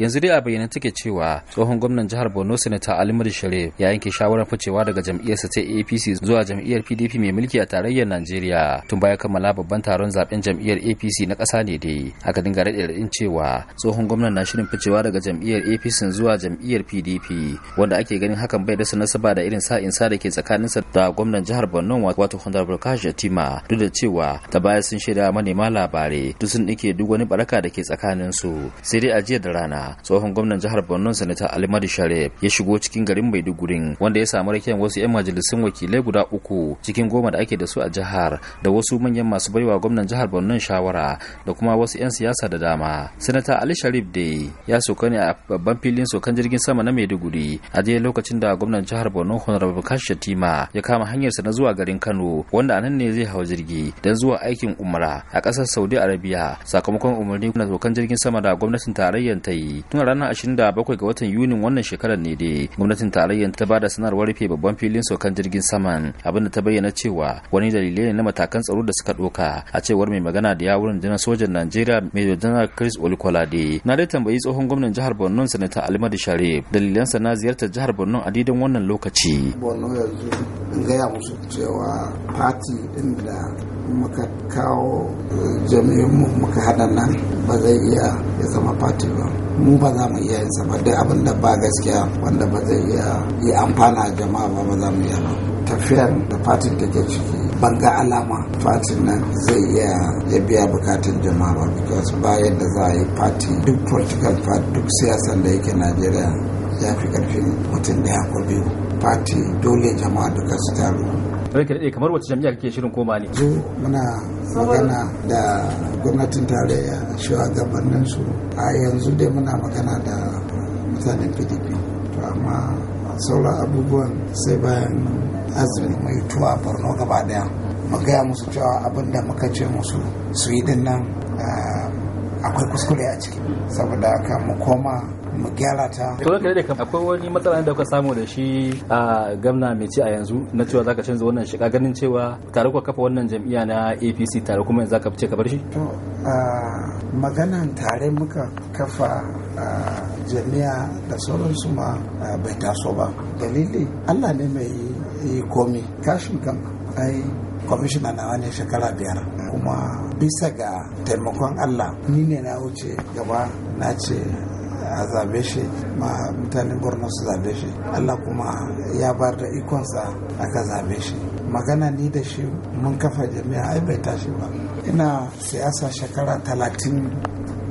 yanzu dai a bayyana take cewa tsohon gwamnan jihar borno senator alimadu shere ya yanke shawarar ficewa daga jam'iyyarsa ta apc zuwa jam'iyyar pdp mai mulki a tarayyar najeriya tun baya kammala babban taron zaben jam'iyyar apc na ƙasa ne dai aka dinga raɗe cewa tsohon gwamnan na shirin ficewa daga jam'iyyar apc zuwa jam'iyyar pdp wanda ake ganin hakan bai da nasaba da irin sa da ke tsakaninsa da gwamnan jihar borno wato honorable kashi shatima duk da cewa ta baya sun shirya manema labarai duk sun ɗike duk wani baraka da ke tsakaninsu sai dai a jiya da rana tsohon gwamnan jihar Borno Sanata Alimadu Sharif ya shigo cikin garin Maiduguri wanda ya samu rakiyar wasu 'yan majalisun wakilai guda uku cikin goma da ake da su a jihar da wasu manyan masu baiwa gwamnan jihar Borno shawara da kuma wasu 'yan siyasa da dama. Sanata Ali Sharif dai ya soka ne a babban filin sokan jirgin sama na Maiduguri a je lokacin da gwamnan jihar Borno Honorable Kashi Shatima ya kama hanyarsa na zuwa garin Kano wanda anan ne zai hau jirgi don zuwa aikin umra a ƙasar Saudi Arabia sakamakon umarni na sokan jirgin sama da gwamnatin tarayyar ta yi yi tun ranar 27 ga watan Yuni wannan shekarar ne dai gwamnatin tarayya ta ba bada sanarwar rufe babban filin sokan jirgin saman abinda ta bayyana cewa wani dalilai ne na matakan tsaro da suka ɗoka. a cewar mai magana da yawun jana sojan najeriya major general chris olukolade na dai tambayi tsohon gwamnan jihar borno sanata alimadu sharif dalilansa na ziyartar jihar borno a didan wannan lokaci borno yanzu gaya musu cewa fati din da muka kawo eh, jami'inmu muka haɗa nan ba zai iya ya zama fati ba mu ba za mu iya yin sa ba duk abin da ba gaskiya wanda ba zai iya yi amfana jama'a ba ba za mu iya ba tafiyar da fatin da ke ciki ban alama fati nan zai iya ya biya bukatun jama'a ba because ba yadda za a yi fati duk political party duk siyasar da yake najeriya ya fi karfin mutum daya ko biyu fati dole jama'a duka su taru ranka daɗe kamar wacce jami'a kake shirin koma ne zo muna magana da gwamnatin tarayya shugabannin su a yanzu dai muna magana da mutanen pdp to amma sauran abubuwan sai bayan azumi mai tuwa borno gaba daya mu gaya musu cewa abin da muka ce musu su yi dinnan eh, akwai kuskure a ciki saboda aka mu koma mu gyara ta. To kai da akwai wani matsala da kuka samu da shi a gamna mai ci a yanzu na cewa zaka canza wannan shiga ganin cewa tare kuka kafa wannan jam'iyya na APC tare kuma yanzu zaka fice ka bar shi? To maganan tare muka kafa jami'a da sauransu ma bai taso ba. Dalili Allah ne mai yi komi kashin kan ai kwamishina na wani shekara biyar kuma bisa ga taimakon allah ni ne na wuce gaba na ce a zabe shi ma mutanen borno su zabe shi allah kuma ya bar da ikonsa aka zabe shi magana ni da shi mun kafa jami'a ai bai tashi ba ina siyasa shekara talatin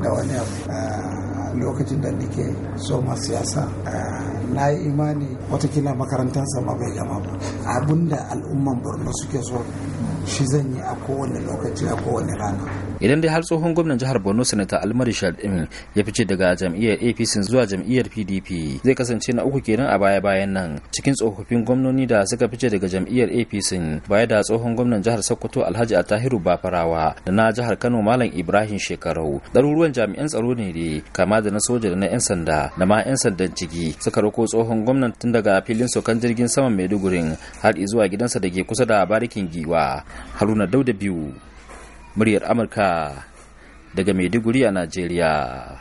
da wani abu ah, lokacin da nike soma siyasa eh, na yi imani watakila makarantar ma bai gama ba abinda al'umman borno suke so shi zan yi a kowane lokaci a kowane rana idan dai har tsohon gwamnan jihar borno sanata almari shaɗin ya fice daga jam'iyyar apc zuwa jam'iyyar pdp zai kasance na uku kenan a baya bayan nan cikin tsofaffin gwamnoni da suka fice daga jam'iyyar apc baya da tsohon gwamnan jihar sokoto alhaji atahiru bafarawa da na jihar kano malam ibrahim shekarau ɗaruruwan jami'an tsaro ne dai kama da na soja da na 'yan sanda da ma 'yan sandan ciki suka rako tsohon gwamnan tun daga filin sokan jirgin saman maiduguri har zuwa gidansa da ke kusa da barikin giwa haruna dauda biyu muryar amurka daga maiduguri a najeriya